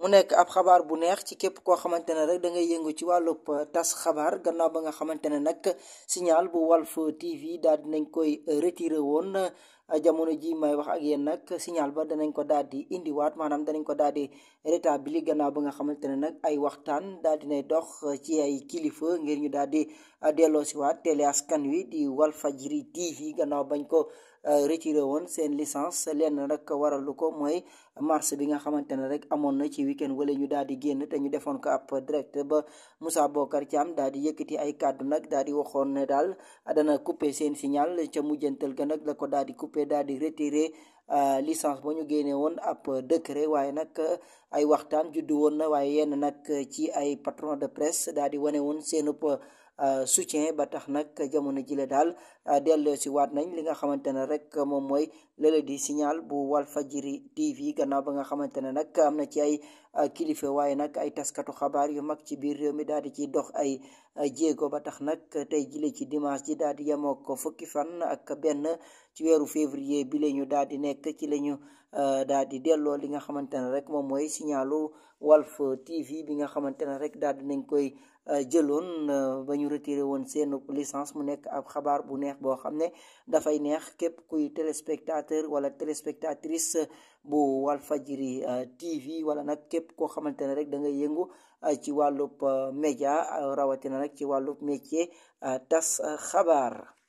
mu nekk ab xabaar bu neex ci képp koo xamante ne rek da ngay yëngu ci wàllub tas xabaar gannaaw ba nga xamante ne nag signal bu Walf TV daal dinañ koy retiré woon jamono ji may wax ak yéen nag signal ba danañ ko daal di indiwaat maanaam danañ ko daal di gannaaw ba nga xamante ne nag ay waxtaan daal di nay dox ci ay kilifa ngir ñu daal di delloosiwaat télé askan wi di Walfajri TV gannaaw bañ ko euh, retiré woon seen licence lenn nag waralu ko mooy mars bi nga xamante ne rek amoon na ci week-end wala ñu daal di génn te ñu defoon ko ab direct ba Moussa Bokar Thiam daal di yëkkati ay kàddu nag daal di waxoon ne daal dana couper seen signal ca mujjantal ga nag ko daal di daal di retiré Euh, licence ba ñu génne woon ab décret waaye nag euh, ay waxtaan juddu woon na waaye yenn nag ci ay patron de presse daal di wane woon seenub euh, soutien ba tax nag jamono jile daal dellu si waat nañ li nga xamante ne rek moom mooy lële di signal bu Walfajiri TV gannaaw ba nga xamante ne nag am na ci ay kilifa waaye nag ay taskatu xabaar yu mag ci biir réew mi daal di ci dox ay jéego ba tax nag tey jile ci dimanche ji daal di yemoo ko fukki fan ak benn ci weeru février bi la ñu daal di nekk nekk ci la ñu euh, daal di delloo li nga xamante ne rek moom mooy signalu Walf TV bi nga xamante ne rek daal di nañ koy euh, jëloon euh, ba ñu retiré woon seen licence mu nekk ab xabaar bu neex boo xam ne dafay neex képp kuy téléspectateur wala téléspectatrice bu Walfadjri TV wala nag képp koo xamante ne rek da ngay yëngu ci wàllub média rawatina nag ci wàllub métier tas xabaar.